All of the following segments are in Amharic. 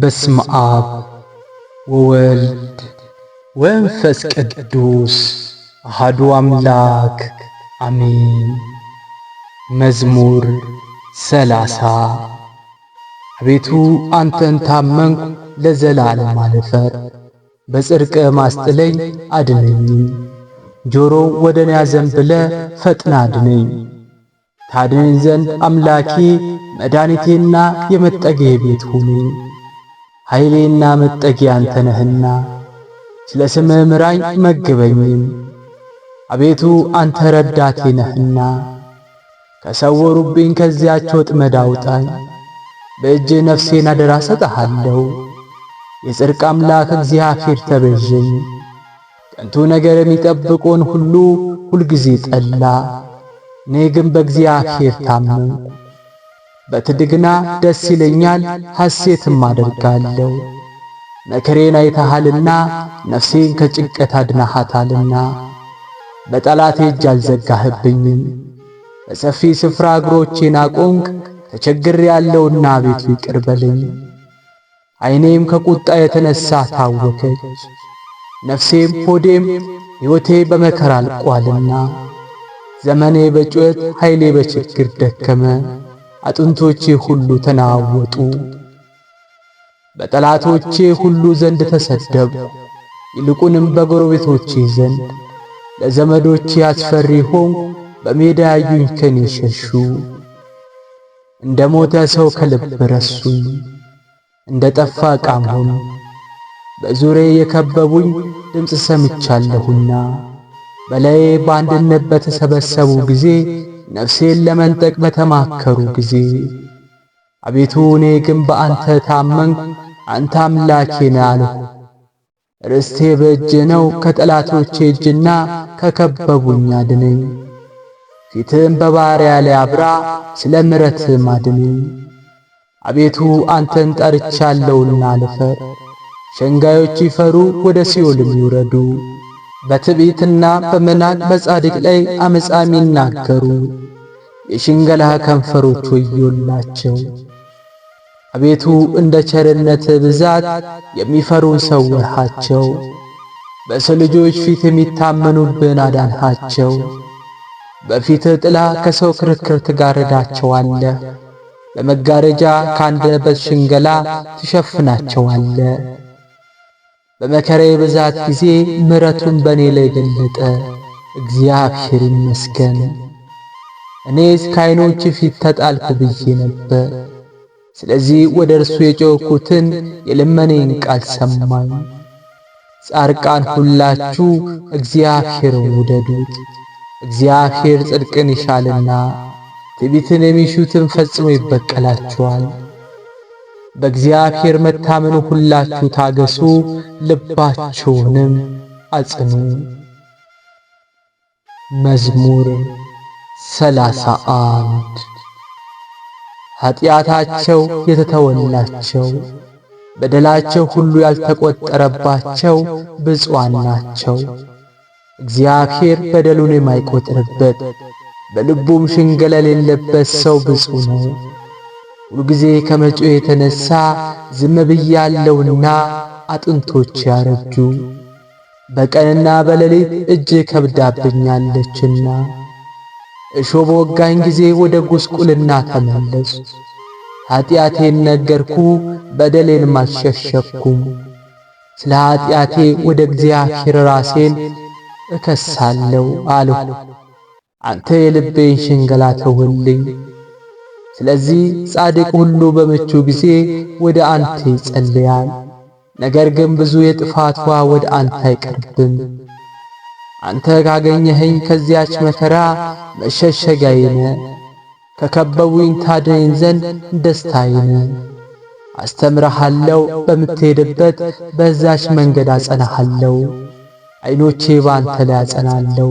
በስመ አብ ወወልድ ወንፈስ ቅዱስ አሐዱ አምላክ አሜን። መዝሙር ሰላሳ አቤቱ አንተን ታመንኩ ለዘላለም አልፈር፣ በጽድቅ ማስጥለኝ አድነኝ። ጆሮ ወደ እኔ አዘንብለ ፈጥና አድነኝ። ታድነኝ ዘንድ አምላኬ መድኃኒቴና የመጠጊያ ቤት ሁኑ። ኃይሌና መጠጊያ አንተ ነህና ስለ ስምህ ምራኝ መግበኝም። አቤቱ አንተ ረዳቴ ነህና ከሰወሩብኝ ከዚያች ወጥመድ አውጣኝ። በእጅ ነፍሴን አደራ ሰጠሃለሁ። የጽድቅ አምላክ እግዚአብሔር ተቤዠኝ። ከንቱ ነገር የሚጠብቆን ሁሉ ሁልጊዜ ጠላ። እኔ ግን በእግዚአብሔር ታመንኩ። በትድግና ደስ ይለኛል ሐሴትም አደርጋለሁ። መከሬን አይተሃልና ነፍሴን ከጭንቀት አድናሃታልና በጠላቴ እጅ አልዘጋህብኝም። በሰፊ ስፍራ እግሮቼን አቆንክ ተቸግሬ ያለውና ቤቱ ይቅር አይኔም ከቁጣ የተነሳ ታወከች፣ ነፍሴም ሆዴም ሕይወቴ በመከራ አልቋልና። ዘመኔ በጩኸት ኃይሌ በችግር ደከመ። አጥንቶቼ ሁሉ ተናወጡ። በጠላቶቼ ሁሉ ዘንድ ተሰደቡ ይልቁንም በጎረቤቶቼ ዘንድ ለዘመዶቼ አስፈሪ ሆን በሜዳ ያዩኝ ከኔ ሸሹ። እንደ ሞተ ሰው ከልብ ረሱኝ፣ እንደ ጠፋ ዕቃም ሆኑ። በዙሪያ የከበቡኝ ድምፅ ሰምቻለሁና በላዬ በአንድነት በተሰበሰቡ ጊዜ ነፍሴን ለመንጠቅ በተማከሩ ጊዜ አቤቱ እኔ ግን በአንተ ታመን፣ አንተ አምላኬ ነህ አልሁ። ርስቴ በእጅ ነው፣ ከጠላቶቼ እጅና ከከበቡኝ አድነኝ። ፊትህም በባሪያ ላይ አብራ፣ ስለ ምሕረትህም አድነኝ። አቤቱ አንተን ጠርቻለሁና አልፈር፣ ሸንጋዮች ይፈሩ፣ ወደ ሲኦልም ይውረዱ። በትዕቢትና በመናቅ በጻድቅ ላይ አመፃም ይናገሩ። የሽንገላ ከንፈሮች ወዮላቸው። አቤቱ እንደ ቸርነት ብዛት የሚፈሩን ሰወርሃቸው። በሰው ልጆች ፊት የሚታመኑብን አዳንሃቸው። በፊት ጥላ ከሰው ክርክር ትጋርዳቸዋለህ። በመጋረጃ ካንደበት ሽንገላ ትሸፍናቸዋለ። በመከራዬ ብዛት ጊዜ ምረቱን በእኔ ላይ ገለጠ። እግዚአብሔር ይመስገን። እኔስ ከዓይኖች ፊት ተጣልኩ ብዬ ነበር። ስለዚህ ወደ እርሱ የጮኩትን የልመኔን ቃል ሰማኝ። ጻርቃን ሁላችሁ እግዚአብሔርን ውደዱት፣ እግዚአብሔር ጽድቅን ይሻልና ትዕቢትን የሚሹትን ፈጽሞ ይበቀላቸዋል። በእግዚአብሔር መታመኑ ሁላችሁ ታገሱ፣ ልባችሁንም አጽኑ። መዝሙር ሰላሳ አንድ ኃጢአታቸው የተተወላቸው በደላቸው ሁሉ ያልተቆጠረባቸው ብፁዓን ናቸው። እግዚአብሔር በደሉን የማይቆጥርበት በልቡም ሽንገላ የሌለበት ሰው ብፁዕ ነው። ሁልጊዜ ከመጮ የተነሳ ዝም ብያለውና አጥንቶች ያረጁ በቀንና በሌሊት እጅ ከብዳብኛለችና እሾ በወጋኝ ጊዜ ወደ ጉስቁልና ተመለሱ። ኀጢአቴን ነገርኩ፣ በደሌን አልሸሸኩም። ስለ ኀጢአቴ ወደ እግዚአብሔር ራሴን እከሳለሁ አልሁ። አንተ የልቤን ሽንገላ ተውልኝ። ስለዚህ ጻድቅ ሁሉ በምቹ ጊዜ ወደ አንተ ይጸልያል፣ ነገር ግን ብዙ የጥፋትዋ ወደ አንተ አይቀርብም። አንተ ካገኘኸኝ ከዚያች መከራ መሸሸጋዬ ነህ፣ ከከበቡኝ ታደኝ ዘንድ ደስታዬ ነህ። አስተምረሃለሁ፣ በምትሄድበት በዛች መንገድ አጸናሃለሁ፣ ዐይኖቼ ባንተ ላይ አጸናለሁ።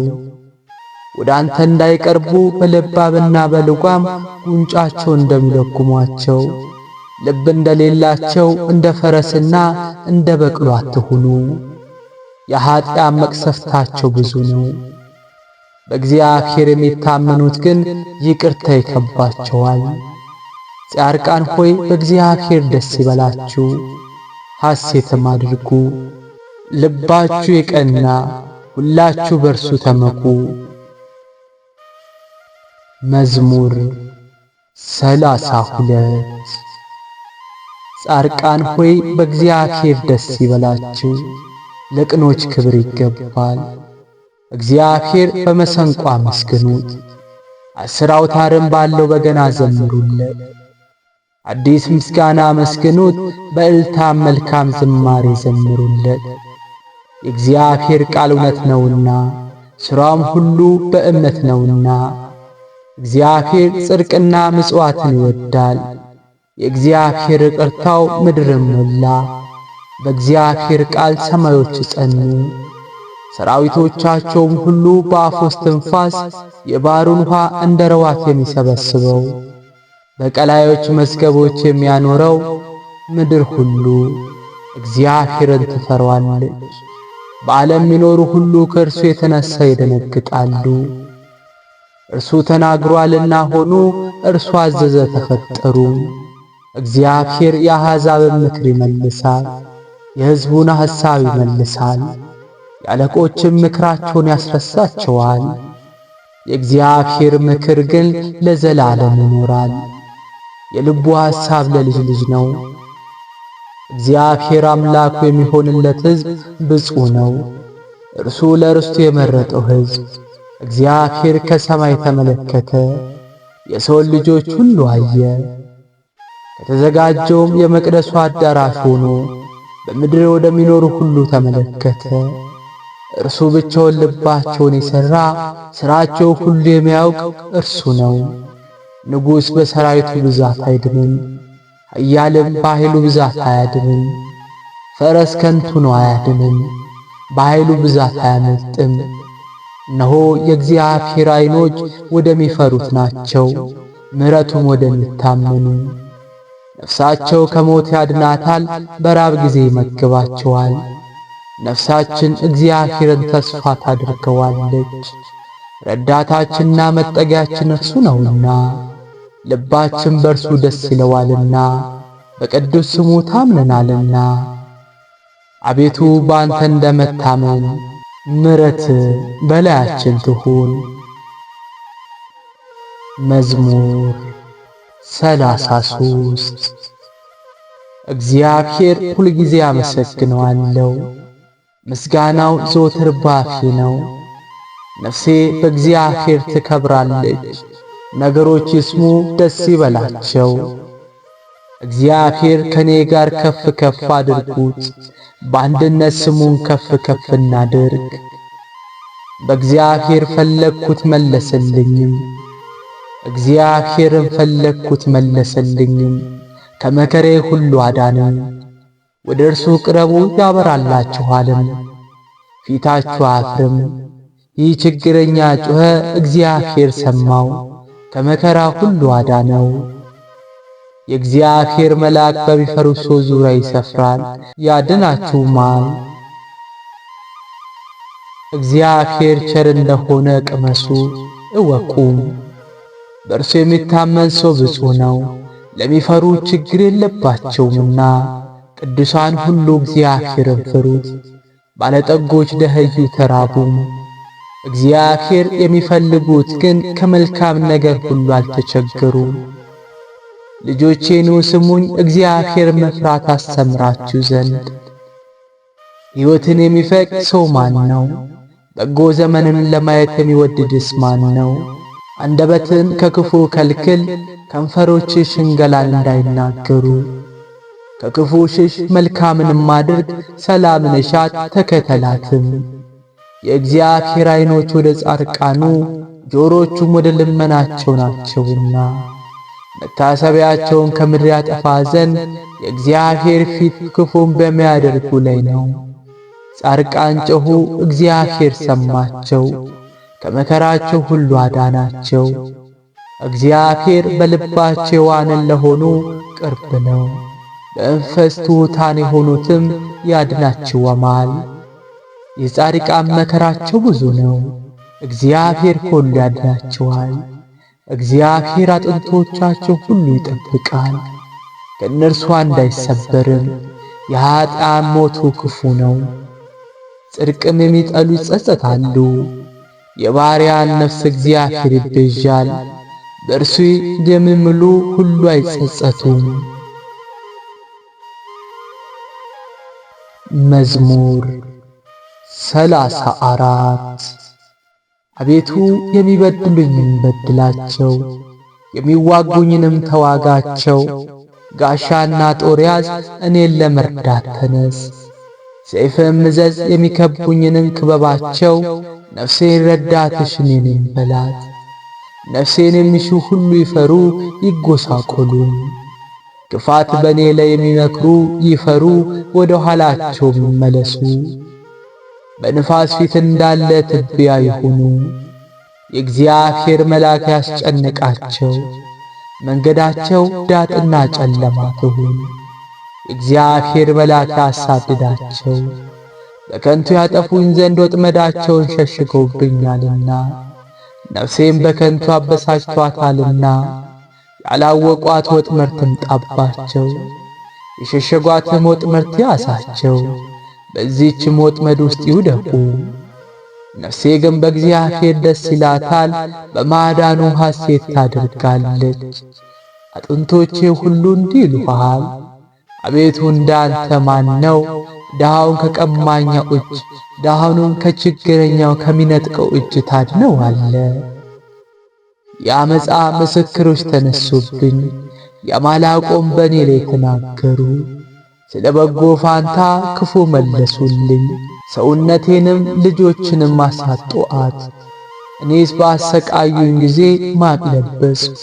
ወደ አንተ እንዳይቀርቡ በልባብና በልጓም ጉንጫቸው እንደሚለኩሟቸው ልብ እንደሌላቸው እንደ ፈረስና እንደ በቅሎ አትሁኑ። የኀጢአን መቅሰፍታቸው ብዙ ነው። በእግዚአብሔር የሚታመኑት ግን ይቅርታ ይከባቸዋል። ጻርቃን ሆይ በእግዚአብሔር ደስ ይበላችሁ፣ ሐሴትም አድርጉ። ልባችሁ የቀና ሁላችሁ በርሱ ተመኩ። መዝሙር ሰላሳ ሁለት ጻርቃን ሆይ በእግዚአብሔር ደስ ይበላችሁ፣ ለቅኖች ክብር ይገባል። እግዚአብሔር በመሰንቆ አመስግኑት፣ አሥር አውታርም ባለው በገና ዘምሩለት። አዲስ ምስጋና አመስግኑት፣ በእልታም መልካም ዝማሬ ዘምሩለት። የእግዚአብሔር ቃል እውነት ነውና ሥራውም ሁሉ በእምነት ነውና እግዚአብሔር ጽድቅና ምጽዋትን ይወዳል። የእግዚአብሔር ይቅርታው ምድርን ሞላ። በእግዚአብሔር ቃል ሰማዮች ጸኑ፣ ሰራዊቶቻቸውም ሁሉ በአፉ እስትንፋስ የባሕሩን ውኃ እንደ ረዋት የሚሰበስበው በቀላዮች መዝገቦች የሚያኖረው ምድር ሁሉ እግዚአብሔርን ትፈሯለች። በዓለም የሚኖሩ ሁሉ ከእርሱ የተነሳ ይደነግጣሉ። እርሱ ተናግሯልና ሆኑ፣ እርሱ አዘዘ ተፈጠሩ። እግዚአብሔር የአሕዛብን ምክር ይመልሳል፣ የሕዝቡን ሐሳብ ይመልሳል፣ የአለቆችም ምክራቸውን ያስረሳቸዋል። የእግዚአብሔር ምክር ግን ለዘላለም ይኖራል፣ የልቡ ሐሳብ ለልጅ ልጅ ነው። እግዚአብሔር አምላኩ የሚሆንለት ሕዝብ ብፁ ነው፣ እርሱ ለርስቱ የመረጠው ሕዝብ እግዚአብሔር ከሰማይ ተመለከተ፣ የሰውን ልጆች ሁሉ አየ። ከተዘጋጀውም የመቅደሱ አዳራሽ ሆኖ በምድር ወደሚኖሩ ሁሉ ተመለከተ። እርሱ ብቻውን ልባቸውን የሠራ ሥራቸው ሁሉ የሚያውቅ እርሱ ነው። ንጉሥ በሰራዊቱ ብዛት አይድንም፣ ኃያልም በኃይሉ ብዛት አያድምም ፈረስ ከንቱ ነው አያድንም፣ በኃይሉ ብዛት አያመልጥም። እነሆ የእግዚአብሔር ዓይኖች ወደሚፈሩት ናቸው፣ ምሕረቱም ወደሚታመኑ። ነፍሳቸው ከሞት ያድናታል፣ በራብ ጊዜ ይመግባቸዋል። ነፍሳችን እግዚአብሔርን ተስፋ ታድርገዋለች፣ ረዳታችንና መጠጊያችን እርሱ ነውና፣ ልባችን በእርሱ ደስ ይለዋልና፣ በቅዱስ ስሙ ታምነናልና። አቤቱ በአንተ እንደመታመን ምረት በላያችን ትሁን። መዝሙር ሰላሳ ሶስት እግዚአብሔር ሁልጊዜ አመሰግነዋለሁ፣ ምስጋናው ዘወትር ባፌ ነው። ነፍሴ በእግዚአብሔር ትከብራለች፣ ነገሮች ይስሙ ደስ ይበላቸው። እግዚአብሔር ከእኔ ጋር ከፍ ከፍ አድርጉት በአንድነት ስሙን ከፍ ከፍ እናድርግ። በእግዚአብሔር ፈለግኩት መለሰልኝም፣ እግዚአብሔርን ፈለግኩት መለሰልኝም፣ ከመከሬ ሁሉ አዳነኝ። ወደ እርሱ ቅረቡ ያበራላችኋልም፣ ፊታችሁ አፍርም። ይህ ችግረኛ ጩኸ እግዚአብሔር ሰማው፣ ከመከራ ሁሉ አዳነው። የእግዚአብሔር መልአክ ሰው ዙሪያ ይሰፍራል ያድናችሁማል። እግዚአብሔር ቸር እንደሆነ ቅመሱ እወቁም። በእርሱ የሚታመን ሰው ብፁዕ ነው፣ ለሚፈሩ ችግር የለባቸውምና። ቅዱሳን ሁሉ እግዚአብሔርን ፍሩት፣ ባለጠጎች ደኸዩ ተራቡም። እግዚአብሔር የሚፈልጉት ግን ከመልካም ነገር ሁሉ አልተቸገሩም። ልጆቼኑ ስሙኝ፣ እግዚአብሔር መፍራት አስተምራችሁ ዘንድ። ሕይወትን የሚፈቅ ሰው ማን ነው? በጎ ዘመንን ለማየት የሚወድድስ ማን ነው? አንደበትን ከክፉ ከልክል፣ ከንፈሮች ሽንገላን እንዳይናገሩ። ከክፉ ሽሽ፣ መልካምንም አድርግ፣ ሰላምን እሻት ተከተላትም። የእግዚአብሔር ዓይኖች ወደ ጻድቃኑ፣ ጆሮቹም ወደ ልመናቸው ናቸውና መታሰቢያቸውን ከምድር ያጠፋ ዘንድ የእግዚአብሔር ፊት ክፉን በሚያደርጉ ላይ ነው። ጻርቃን ጮኹ፣ እግዚአብሔር ሰማቸው፣ ከመከራቸው ሁሉ አዳናቸው። እግዚአብሔር በልባቸው የዋንን ለሆኑ ቅርብ ነው፣ በመንፈስ ትሑታን የሆኑትም ያድናቸዋል። የጻድቃን መከራቸው ብዙ ነው፣ እግዚአብሔር ሁሉ ያድናቸዋል። እግዚአብሔር አጥንቶቻቸው ሁሉ ይጠብቃል፣ ከእነርሱ እንዳይሰበርም። የኀጥኣን ሞቱ ክፉ ነው፣ ጽድቅም የሚጠሉ ይጸጸታሉ። የባሪያን ነፍስ እግዚአብሔር ይቤዣል፣ በእርሱ የሚምሉ ሁሉ አይጸጸቱም። መዝሙር ሰላሳ አራት አቤቱ የሚበድሉኝን በድላቸው፣ የሚዋጉኝንም ተዋጋቸው። ጋሻና ጦር ያዝ፣ እኔን ለመርዳት ተነስ። ሰይፍም እዘዝ፣ የሚከቡኝንም ክበባቸው። ነፍሴን ረዳትሽ ነኝ በላት። ነፍሴን የሚሹ ሁሉ ይፈሩ ይጎሳቆሉ። ክፋት በእኔ ላይ የሚመክሩ ይፈሩ፣ ወደ ኋላቸው ይመለሱ። በንፋስ ፊት እንዳለ ትቢያ ይሁኑ። የእግዚአብሔር መልአክ ያስጨንቃቸው፣ መንገዳቸው ዳጥና ጨለማ ትሁን። የእግዚአብሔር መልአክ ያሳድዳቸው፣ በከንቱ ያጠፉኝ ዘንድ ወጥመዳቸውን ሸሽገውብኛልና ነፍሴም በከንቱ አበሳጭቷታልና ያላወቋት ወጥመድ ትምጣባቸው፣ የሸሸጓትም ወጥመድ ያሳቸው። በዚህችም ወጥመድ ውስጥ ይውደቁ። ነፍሴ ግን በእግዚአብሔር ደስ ይላታል፣ በማዳኑ ሐሴት ታደርጋለች። አጥንቶቼ ሁሉ እንዲህ ይሉሃል፣ አቤቱ እንዳንተ ማን ነው? ድሃውን ከቀማኛው እጅ ድሃውንም ከችግረኛው ከሚነጥቀው እጅ ታድነዋለ። የአመፃ ምስክሮች ተነሱብኝ፣ የማላቆም በእኔ ላይ ተናገሩ። ስለ በጎ ፋንታ ክፉ መለሱልኝ። ሰውነቴንም ልጆችንም አሳጡአት። እኔስ ባሰቃዩኝ ጊዜ ማቅ ለበስኩ።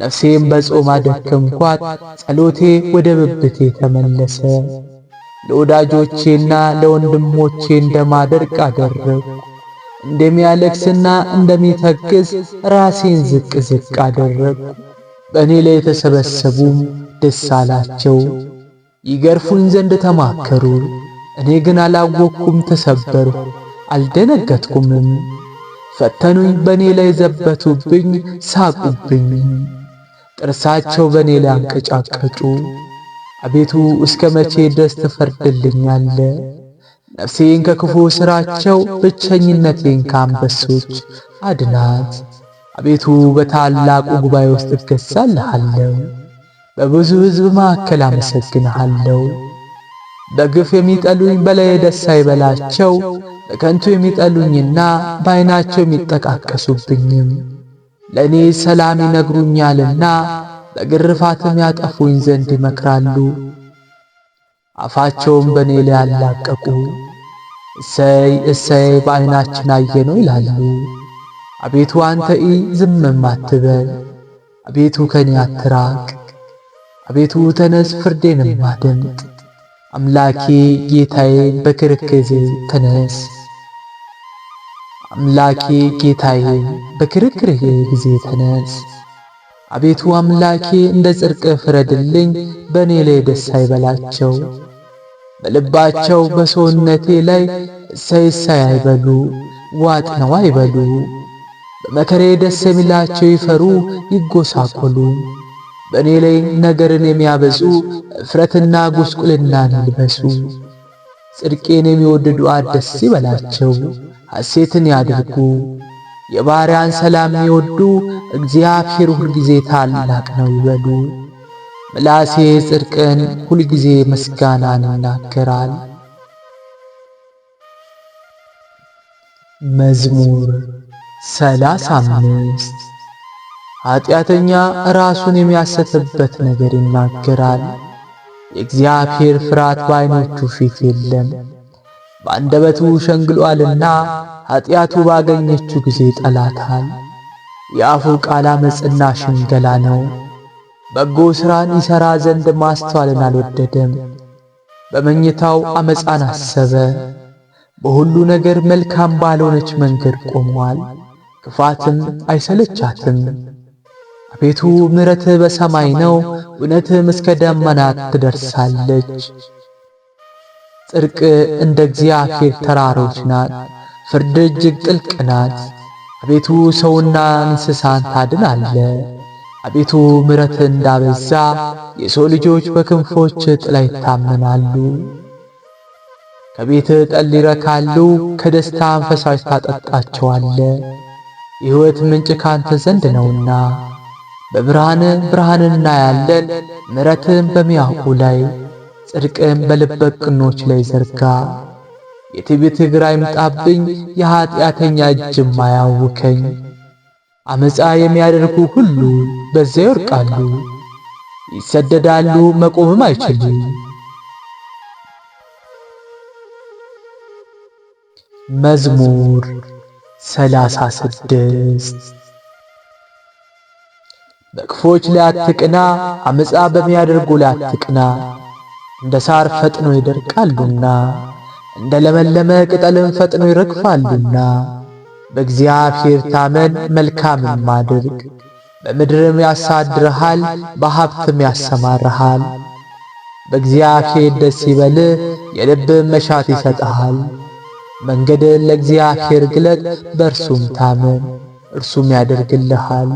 ነፍሴም በጾም አደከምኳት። ጸሎቴ ወደ ብብቴ ተመለሰ። ለወዳጆቼና ለወንድሞቼ እንደማደርግ አደረግኩ። እንደሚያለቅስና እንደሚተግስ ራሴን ዝቅ ዝቅ አደረግኩ። በእኔ ላይ የተሰበሰቡም ደስ አላቸው። ይገርፉን ዘንድ ተማከሩ። እኔ ግን አላወቅኩም፣ ተሰበሩ አልደነገጥኩምም። ፈተኑኝ፣ በእኔ ላይ ዘበቱብኝ፣ ሳቁብኝ፣ ጥርሳቸው በእኔ ላይ አንቀጫቀጩ። አቤቱ እስከ መቼ ድረስ ትፈርድልኛለ? ነፍሴን ከክፉ ሥራቸው፣ ብቸኝነቴን ከአንበሶች አድናት። አቤቱ በታላቁ ጉባኤ ውስጥ እገዛልሃለሁ። በብዙ ሕዝብ መካከል አመሰግንሃለሁ። በግፍ የሚጠሉኝ በላዬ ደስ አይበላቸው፣ በከንቱ የሚጠሉኝና በዓይናቸው የሚጠቃቀሱብኝም ለእኔ ሰላም ይነግሩኛልና በግርፋትም ያጠፉኝ ዘንድ ይመክራሉ። አፋቸውም በእኔ ላይ አላቀቁ፣ እሰይ እሰይ በዓይናችን አየነው ይላሉ። አቤቱ አንተ ኢ ዝምም አትበል፣ አቤቱ ከኔ አትራቅ። አቤቱ ተነስ ፍርዴንም አድምጥ። አምላኬ ጌታዬ በክርክዝ ተነስ። አምላኬ ጌታዬ በክርክርህ ጊዜ ተነስ። አቤቱ አምላኬ እንደ ጽርቅ ፍረድልኝ። በእኔ ላይ ደስ አይበላቸው፣ በልባቸው በሰውነቴ ላይ እሰይ እሰይ አይበሉ፣ ዋጥ ነው አይበሉ። በመከሬ ደስ የሚላቸው ይፈሩ ይጎሳቆሉ። በእኔ ላይ ነገርን የሚያበዙ እፍረትና ጉስቁልናን ይልበሱ። ጽድቄን የሚወድዱ ደስ ይበላቸው፣ ሐሴትን ያድርጉ። የባሪያን ሰላም የሚወዱ እግዚአብሔር ሁልጊዜ ታላቅ ነው ይበሉ። ምላሴ ጽድቅን ሁልጊዜ ምስጋናን ይናገራል። መዝሙር ሰላሳ አምስት ኀጢአተኛ ራሱን የሚያሰትበት ነገር ይናገራል። የእግዚአብሔር ፍርሃት በዓይኖቹ ፊት የለም። በአንደበቱ ሸንግሏልና አጥያቱ ባገኘችው ጊዜ ጠላታል። የአፉ ቃል መጽና ሽንገላ ነው። በጎ ሥራን ይሠራ ዘንድ ማስተዋልን አልወደደም። በመኝታው አመፃን አሰበ። በሁሉ ነገር መልካም ባልሆነች መንገድ ቆሟል። ክፋትም አይሰለቻትም። አቤቱ ምረት በሰማይ ነው፣ እውነትም እስከ ደመናት ትደርሳለች። ጽድቅ እንደ እግዚአብሔር ተራሮች ናት፣ ፍርድ እጅግ ጥልቅ ናት። አቤቱ ሰውና እንስሳን ታድናለ። አቤቱ ምረት እንዳበዛ የሰው ልጆች በክንፎች ጥላ ይታመናሉ። ከቤት ጠል ይረካሉ፣ ከደስታ ፈሳሽ ታጠጣቸዋለ። የሕይወት ምንጭ ካንተ ዘንድ ነውና በብርሃን ብርሃን እናያለን። ምረትን በሚያውቁ ላይ ጽድቅን በልበቅኖች ቅኖች ላይ ዘርጋ። የትዕቢት እግር አይምጣብኝ፣ የኃጢአተኛ እጅም አያውከኝ። አመፃ የሚያደርጉ ሁሉ በዚያ ይወርቃሉ ይሰደዳሉ፣ መቆምም አይችሉም። መዝሙር ሰላሳ ስድስት በክፎች ላይ አትቅና፣ አመፃ በሚያደርጉ ላይ አትቅና። እንደ ሳር ፈጥኖ ይደርቃሉና እንደ ለመለመ ቅጠልም ፈጥኖ ይረግፋሉና። በእግዚአብሔር ታመን መልካምን ማድርግ በምድርም ያሳድርሃል፣ በሀብትም ያሰማርሃል። በእግዚአብሔር ደስ ይበል የልብም መሻት ይሰጥሃል። መንገድን ለእግዚአብሔር ግለጥ፣ በእርሱም ታመን፣ እርሱም ያደርግልሃል።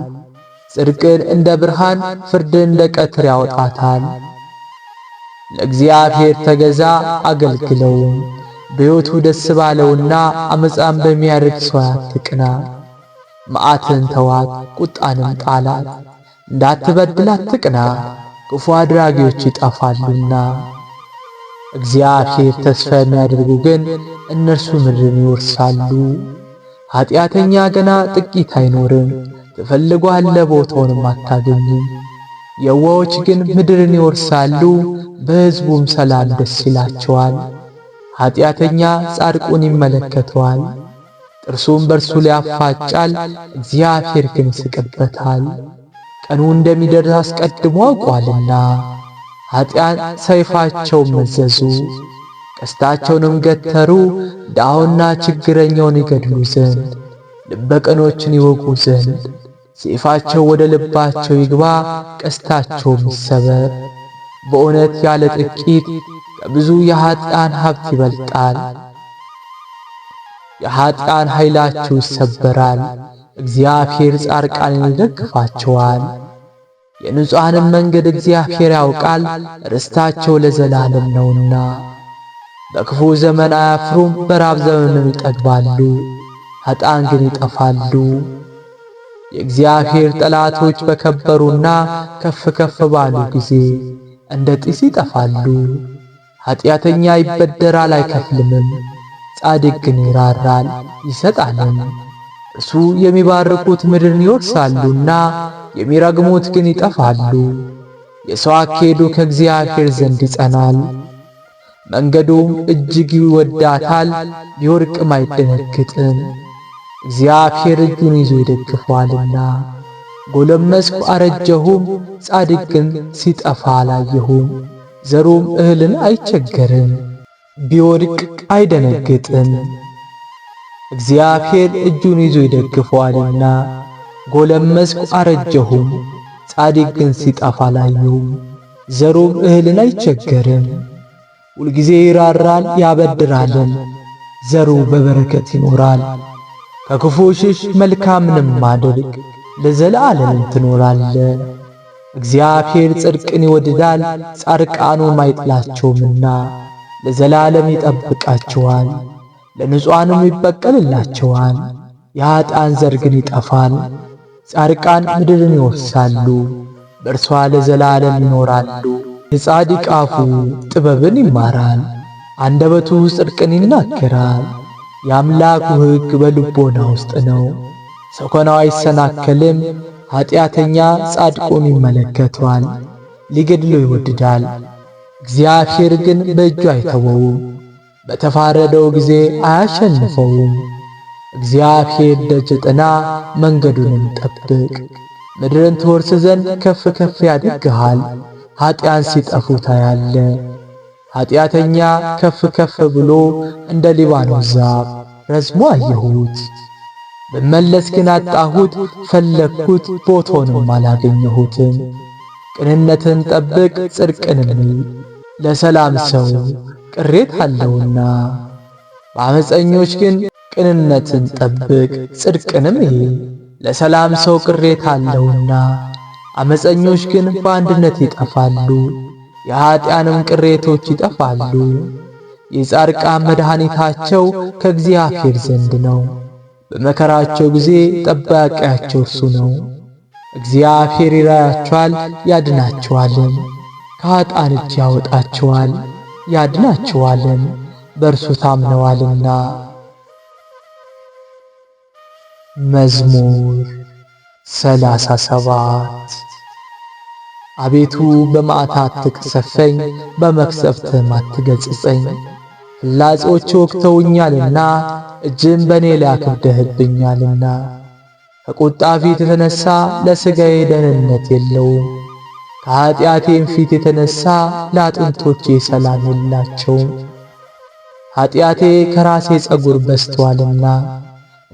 ጽድቅን እንደ ብርሃን ፍርድን እንደ ቀትር ያወጣታል። ለእግዚአብሔር ተገዛ አገልግለው፣ በሕይወቱ ደስ ባለውና አመፃን በሚያደርግ ሰው አትቅና። መዓትን ተዋት፣ ቁጣንም ጣላት፣ እንዳትበድል አትቅና፣ ክፉ አድራጊዎች ይጠፋሉና። እግዚአብሔር ተስፋ የሚያደርጉ ግን እነርሱ ምድርን ይወርሳሉ። ኃጢአተኛ ገና ጥቂት አይኖርም። ትፈልጓለህ ቦታውንም አታገኙም። የዋዎች ግን ምድርን ይወርሳሉ፣ በሕዝቡም ሰላም ደስ ይላቸዋል። ኀጢአተኛ ጻድቁን ይመለከተዋል፣ ጥርሱም በእርሱ ላይ ያፋጫል፣ እግዚአብሔር ግን ይስቅበታል። ቀኑ እንደሚደርስ አስቀድሞ አውቋልና። ኀጢአን ሰይፋቸው መዘዙ፣ ቀስታቸውንም ገተሩ፣ ዳውና ችግረኛውን ይገድሉ ዘንድ ልበቀኖችን ይወጉ ዘንድ ሰይፋቸው ወደ ልባቸው ይግባ፣ ቀስታቸውም ይሰበር። በእውነት ያለ ጥቂት ከብዙ የኀጥኣን ሀብት ይበልጣል። የኀጥኣን ኃይላቸው ይሰበራል። እግዚአብሔር ጻድቃንን ይደግፋቸዋል። የንጹዓንም መንገድ እግዚአብሔር ያውቃል፣ ርስታቸው ለዘላለም ነውና። በክፉ ዘመን አያፍሩም፣ በራብ ዘመንም ይጠግባሉ። ኀጥኣን ግን ይጠፋሉ። የእግዚአብሔር ጠላቶች በከበሩና ከፍ ከፍ ባሉ ጊዜ እንደ ጢስ ይጠፋሉ። ኀጢአተኛ ይበደራል አይከፍልምም፣ ጻድቅ ግን ይራራል ይሰጣልም። እሱ የሚባርኩት ምድርን ይወርሳሉና የሚረግሙት ግን ይጠፋሉ። የሰው አካሄዱ ከእግዚአብሔር ዘንድ ይጸናል፣ መንገዱም እጅግ ይወዳታል፣ ቢወድቅም አይደነግጥም። እግዚአብሔር እጁን ይዞ ይደግፈዋልና። ጎለመስኩ አረጀሁም፣ ጻድቅ ግን ሲጠፋ አላየሁም። ዘሩም እህልን አይቸገርም፣ ቢወድቅ አይደነግጥም። እግዚአብሔር እጁን ይዞ ይደግፈዋልና። ጎለመስኩ አረጀሁም፣ ጻድቅ ግን ሲጠፋ አላየሁም። ዘሩም እህልን አይቸገርም። ሁልጊዜ ይራራል ያበድራልን፣ ዘሩ በበረከት ይኖራል። ከክፉ ሽሽ መልካምንም አድርግ ለዘላለም ትኖራለ። እግዚአብሔር ጽድቅን ይወድዳል ጻርቃኑን አይጥላቸውምና ለዘላለም ይጠብቃቸዋል። ለንጹዓንም ይበቀልላቸዋል። የኀጣን ዘር ግን ይጠፋል። ጻርቃን ምድርን ይወርሳሉ፣ በእርሷ ለዘላለም ይኖራሉ። የጻድቅ አፉ ጥበብን ይማራል፣ አንደበቱ ጽድቅን ይናገራል። የአምላኩ ሕግ በልቦና ውስጥ ነው። ሰኮናው አይሰናከልም። ኀጢአተኛ ጻድቁን ይመለከተዋል፣ ሊገድሎ ይወድዳል። እግዚአብሔር ግን በእጁ አይተወውም፣ በተፋረደው ጊዜ አያሸንፈውም። እግዚአብሔር ደጅ ጥና፣ መንገዱንም ጠብቅ፣ ምድርን ትወርስ ዘንድ ከፍ ከፍ ያደርግሃል። ኀጢአን ሲጠፉ ታያለ። ኀጢአተኛ ከፍ ከፍ ብሎ እንደ ሊባኖስ ዛፍ ረዝሞ አየሁት። ብመለስ ግን አጣሁት፣ ፈለኩት ቦታውንም አላገኘሁትም። ቅንነትን ጠብቅ ጽድቅንም ለሰላም ሰው ቅሬታ አለውና፣ በአመፀኞች ግን ቅንነትን ጠብቅ ጽድቅንም ለሰላም ሰው ቅሬታ አለውና፣ አመፀኞች ግን በአንድነት ይጠፋሉ። የኀጢአንም ቅሬቶች ይጠፋሉ። የጻድቃን መድኃኒታቸው ከእግዚአብሔር ዘንድ ነው። በመከራቸው ጊዜ ጠባቂያቸው እርሱ ነው። እግዚአብሔር ይራያቸዋል ያድናቸዋልም፣ ከኀጣን እጅ ያወጣቸዋል ያድናቸዋልም፣ በእርሱ ታምነዋልና። መዝሙር ሰላሳ ሰባት አቤቱ በመዓት አትቅሰፈኝ፣ በመክሰፍትህም አትገጽጸኝ። ፍላጾች ወቅተውኛልና እጅም በእኔ ላይ አክብደህብኛልና፣ ከቁጣ ፊት የተነሳ ለሥጋዬ ደህንነት የለውም። ከኀጢአቴም ፊት የተነሳ ለአጥንቶቼ ሰላም የላቸውም። ኀጢአቴ ከራሴ ፀጉር በዝተዋልና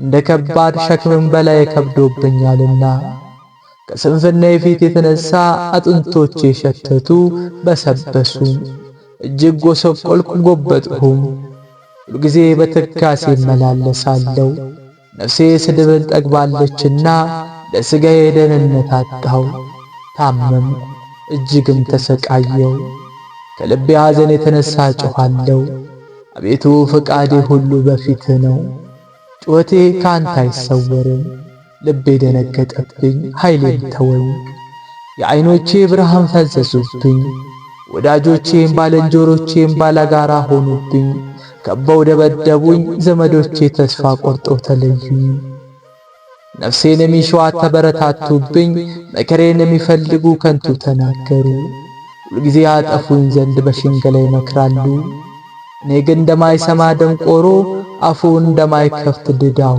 እንደ ከባድ ሸክምም በላይ ከብዶብኛልና ከስንፍና ፊት የተነሳ አጥንቶቼ ሸተቱ በሰበሱ፣ እጅግ ጎሰቆልኩ ጎበጥሁም። ሁልጊዜ በትካሴ እመላለሳለሁ። ነፍሴ ስድብን ጠግባለችና ለሥጋዬ ደህንነት አጣሁ። ታመም እጅግም ተሰቃየው። ከልቤ ሐዘን የተነሳ ጮኋለሁ። አቤቱ ፈቃዴ ሁሉ በፊት ነው፣ ጩኸቴ ካንተ አይሰወርም። ልቤ ደነገጠብኝ፣ ኃይሌን ተወኝ። የዐይኖቼ ብርሃን ፈዘዙብኝ፣ ወዳጆቼም ባልንጀሮቼም ባላጋራ ሆኑብኝ። ከበው ደበደቡኝ፣ ዘመዶቼ ተስፋ ቆርጠው ተለዩኝ። ነፍሴን የሚሸዋት ተበረታቱብኝ፣ መከሬን የሚፈልጉ ከንቱ ተናገሩ። ሁልጊዜ ያጠፉኝ ዘንድ በሽንገላ ይመክራሉ። እኔ ግን እንደማይሰማ ደንቆሮ አፉ እንደማይከፍት ድዳው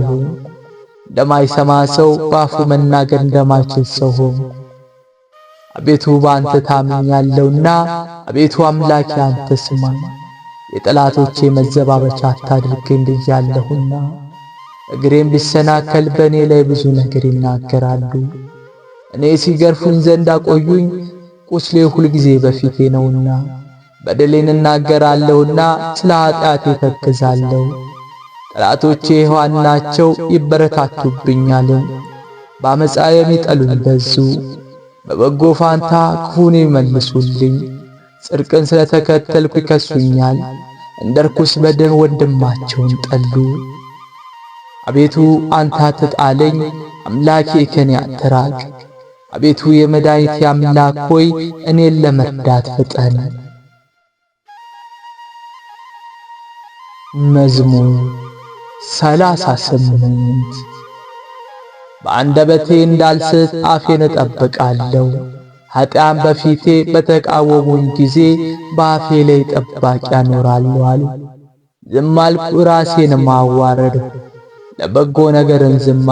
እንደማይሰማ ሰው ባፉ መናገር እንደማይችል ሰው ሆኑ። አቤቱ በአንተ ታምኛለሁና፣ አቤቱ አምላኪ አንተ ስማኝ። የጠላቶቼ መዘባበቻ አታድርገኝ ብያለሁና፣ እግሬም ቢሰናከል በእኔ ላይ ብዙ ነገር ይናገራሉ። እኔ ሲገርፉኝ ዘንድ አቆዩኝ፣ ቁስሌ ሁልጊዜ በፊቴ ነውና፣ በደሌን እናገራለሁና ስለ ኃጢአቴ ተክዛለሁ። ጠላቶቼ ሕያዋን ናቸው ይበረታቱብኛል። በአመፃ የሚጠሉኝ በዙ፣ በበጎ ፋንታ ክፉን ይመልሱልኝ። ጽድቅን ስለተከተልኩ ይከሱኛል፣ እንደ ርኩስ በደን ወንድማቸውን ጠሉ። አቤቱ አንተ አትጣለኝ፣ አምላኬ ከኔ አትራቅ። አቤቱ የመድኃኒቴ አምላክ ሆይ እኔን ለመርዳት ፍጠን። መዝሙር ሰላሳ ስምንት በአንደበቴ እንዳልስት አፌን እጠብቃለሁ። ኃጢአን በፊቴ በተቃወሙኝ ጊዜ በአፌ ላይ ጠባቂ ያኖራሉ አሉ። ዝም አልኩ ራሴንም ለበጎ ነገርን ዝም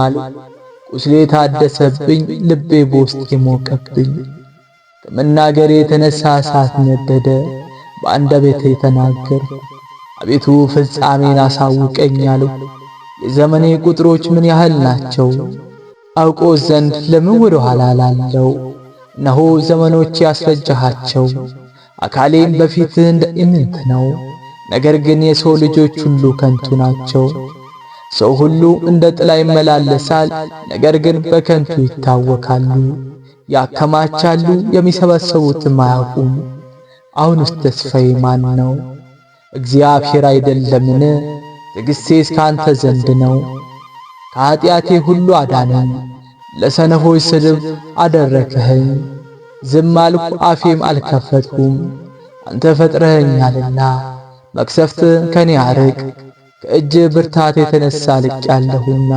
ቁስሌ ታደሰብኝ፣ ልቤ በውስጥ ሞቀብኝ። ከመናገር የተነሳ እሳት ነደደ፣ በአንደበቴ ተናገርኩ። አቤቱ ፍጻሜን አሳውቀኝ አለው። የዘመኔ ቁጥሮች ምን ያህል ናቸው? አውቆ ዘንድ ለምን ወደ ኋላ ላለው? እነሆ ዘመኖች ያስፈጀሃቸው። አካሌም በፊት እንደ ኢምንት ነው። ነገር ግን የሰው ልጆች ሁሉ ከንቱ ናቸው። ሰው ሁሉ እንደ ጥላ ይመላለሳል፣ ነገር ግን በከንቱ ይታወካሉ። ያከማቻሉ፣ የሚሰበሰቡትም አያውቁም። አሁንስ ተስፋዬ ማን ነው? እግዚአብሔር አይደለምን? ትዕግሥቴስ ካንተ ዘንድ ነው። ከኀጢአቴ ሁሉ አዳነኝ። ለሰነፎች ስድብ አደረግኸኝ። ዝም አልኩ፣ አፌም አልከፈትኩም። አንተ ፈጥረኸኛልና መቅሰፍት ከኔ አርቅ። ከእጅ ብርታት የተነሳ ያለሁና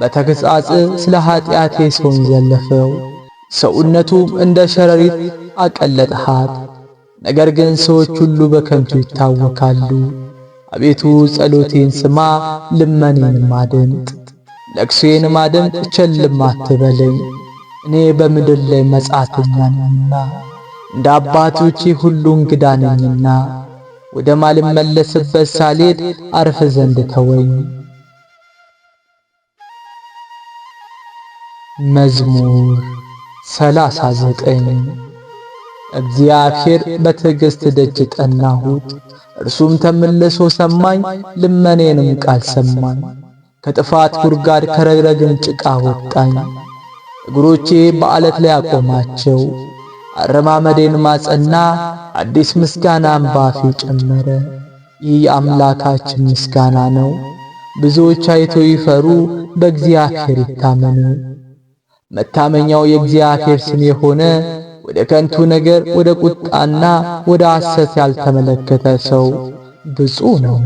በተግሣጽ ስለ ኀጢአቴ ሰውን ዘለፈው፣ ሰውነቱም እንደ ሸረሪት አቀለጥሃት። ነገር ግን ሰዎች ሁሉ በከንቱ ይታወካሉ። አቤቱ ጸሎቴን ስማ፣ ልመኔንም አድምጥ፣ ለቅሶዬንም አድምጥ፣ ቸልም አትበለኝ። እኔ በምድር ላይ መጻተኛ ነኝና እንደ አባቶቼ ሁሉ እንግዳ ነኝና ወደ ማልመለስበት ሳልሄድ አርፍ ዘንድ ተወኝ። መዝሙር 39 እግዚአብሔር በትዕግሥት ደጅ ጠናሁት፣ እርሱም ተመልሶ ሰማኝ፣ ልመኔንም ቃል ሰማኝ። ከጥፋት ጉድጓድ ከረግረግም ጭቃ ወጣኝ። እግሮቼ በዓለት ላይ አቆማቸው፣ አረማመዴን ማጸና፣ አዲስ ምስጋናን ባፌ ጨመረ። ይህ የአምላካችን ምስጋና ነው። ብዙዎች አይቶ ይፈሩ፣ በእግዚአብሔር ይታመኑ። መታመኛው የእግዚአብሔር ስም የሆነ ወደ ከንቱ ነገር ወደ ቁጣና ወደ አሰት ያልተመለከተ ሰው ብፁዕ ነው።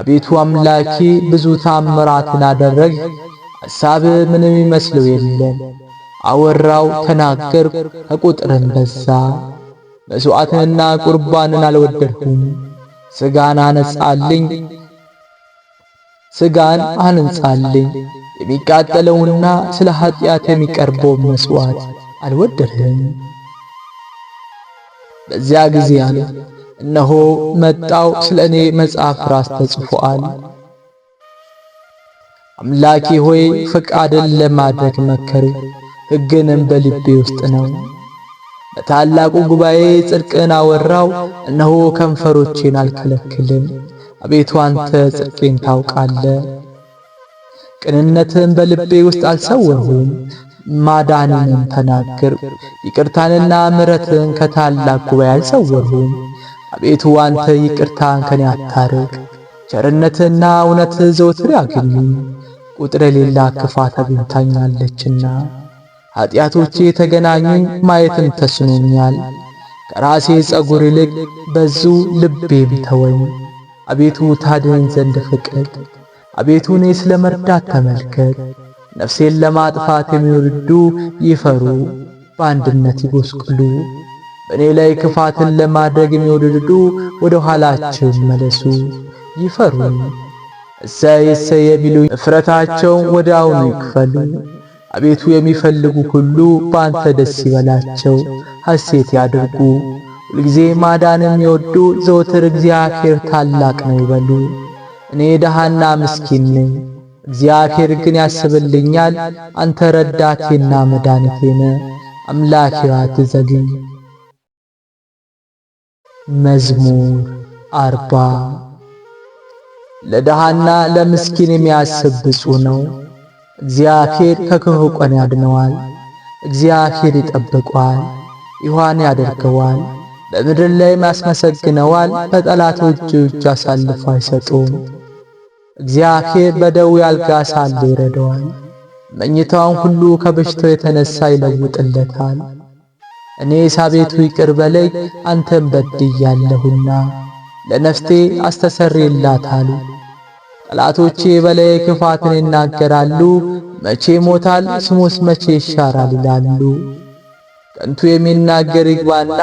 አቤቱ አምላኬ ብዙ ታምራትን አደረግ፣ ሐሳብ ምንም ይመስለው የለም። አወራው፣ ተናገር፣ ከቁጥርን በዛ። መሥዋዕትንና ቁርባንን አልወደድኩም። ስጋን አነጻልኝ ስጋን አንጻልኝ የሚቃጠለውና ስለ ኃጢአት የሚቀርበው መሥዋዕት አልወደድህም። በዚያ ጊዜ አለ፣ እነሆ መጣው፣ ስለ እኔ መጽሐፍ ራስ ተጽፎአል። አምላኬ ሆይ ፈቃድን ለማድረግ መከሪ፣ ሕግንም በልቤ ውስጥ ነው። በታላቁ ጉባኤ ጽድቅን አወራው፣ እነሆ ከንፈሮቼን አልከለክልም። አቤቱ አንተ ጽድቄን ታውቃለ፣ ቅንነትን በልቤ ውስጥ አልሰወርሁም። ማዳንንም ተናገር። ይቅርታንና ምረትን ከታላቅ ጉባኤ አልሰወርሁም። አቤቱ አንተ ይቅርታን ከኔ አታርቅ፣ ቸርነትና እውነት ዘወትር ያግኙ። ቁጥር የሌላ ክፋት አግኝታኛለችና ኃጢአቶቼ የተገናኙኝ ማየትም ተስኖኛል። ከራሴ ጸጉር ይልቅ በዙ ልቤም ተወኝ። አቤቱ ታድን ዘንድ ፍቅድ፣ አቤቱ እኔ ስለ መርዳት ተመልከት። ነፍሴን ለማጥፋት የሚወድዱ ይፈሩ፣ በአንድነት ይጎስቅሉ። በእኔ ላይ ክፋትን ለማድረግ የሚወድዱ ወደ ኋላቸው ይመለሱ፣ ይፈሩ። እሰይ እሰይ የሚሉ እፍረታቸውን ወደ አሁኑ ይክፈሉ። አቤቱ የሚፈልጉ ሁሉ በአንተ ደስ ይበላቸው፣ ሐሴት ያድርጉ። ሁልጊዜ ማዳን የሚወዱ ዘወትር እግዚአብሔር ታላቅ ነው ይበሉ። እኔ ደሃና ምስኪን ነኝ እግዚአብሔር ግን ያስብልኛል። አንተ ረዳቴና መድኃኒቴ ነህ፣ አምላኬ አትዘግይ። መዝሙር አርባ ለድሃና ለምስኪን የሚያስብ ብፁዕ ነው። እግዚአብሔር ከክፉ ቀን ያድነዋል። እግዚአብሔር ይጠብቀዋል፣ ይኋን ያደርገዋል፣ በምድር ላይ ያስመሰግነዋል። በጠላቶቹ እጅ አሳልፎ አይሰጡም። እግዚአብሔር በደዌ አልጋ ሳለ ይረዳዋል። መኝታውን ሁሉ ከበሽታው የተነሳ ይለውጥለታል። እኔ ሳቤቱ ይቅር በለኝ አንተን በድያለሁና ለነፍሴ አስተሰርይላታል። ጠላቶቼ በላዬ ክፋትን ይናገራሉ። መቼ ሞታል ስሙስ መቼ ይሻራል ይላሉ። ከንቱ የሚናገር ይግባና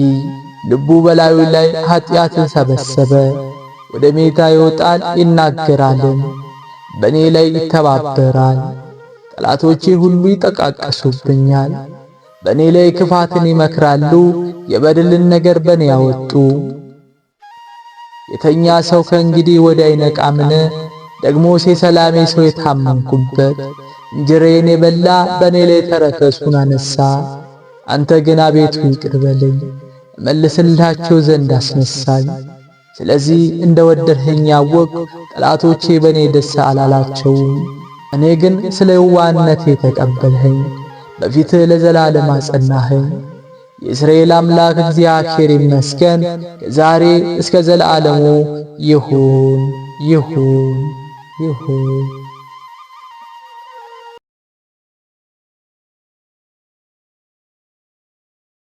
ይህ ልቡ በላዩ ላይ ኃጢአትን ሰበሰበ። ወደ ሜታ ይወጣል ይናገራልን፣ በእኔ ላይ ይተባበራል። ጠላቶቼ ሁሉ ይጠቃቀሱብኛል። በእኔ ላይ ክፋትን ይመክራሉ፣ የበደልን ነገር በእኔ ያወጡ። የተኛ ሰው ከእንግዲህ ወደ አይነቃምን? ደግሞ የሰላሜ ሰው የታመንኩበት እንጀራዬን የበላ በእኔ ላይ ተረከሱን አነሳ። አንተ ግን አቤቱ ይቅር መልስላቸው ዘንድ አስነሳኝ። ስለዚህ እንደ ወደድኸኝ ያወቅ ጠላቶቼ በእኔ ደስ አላላቸውም። እኔ ግን ስለ የዋህነቴ ተቀበልኸኝ፣ በፊት ለዘላለም አጸናኸኝ። የእስራኤል አምላክ እግዚአብሔር ይመስገን፣ ከዛሬ እስከ ዘለዓለሙ ይሁን ይሁን ይሁን።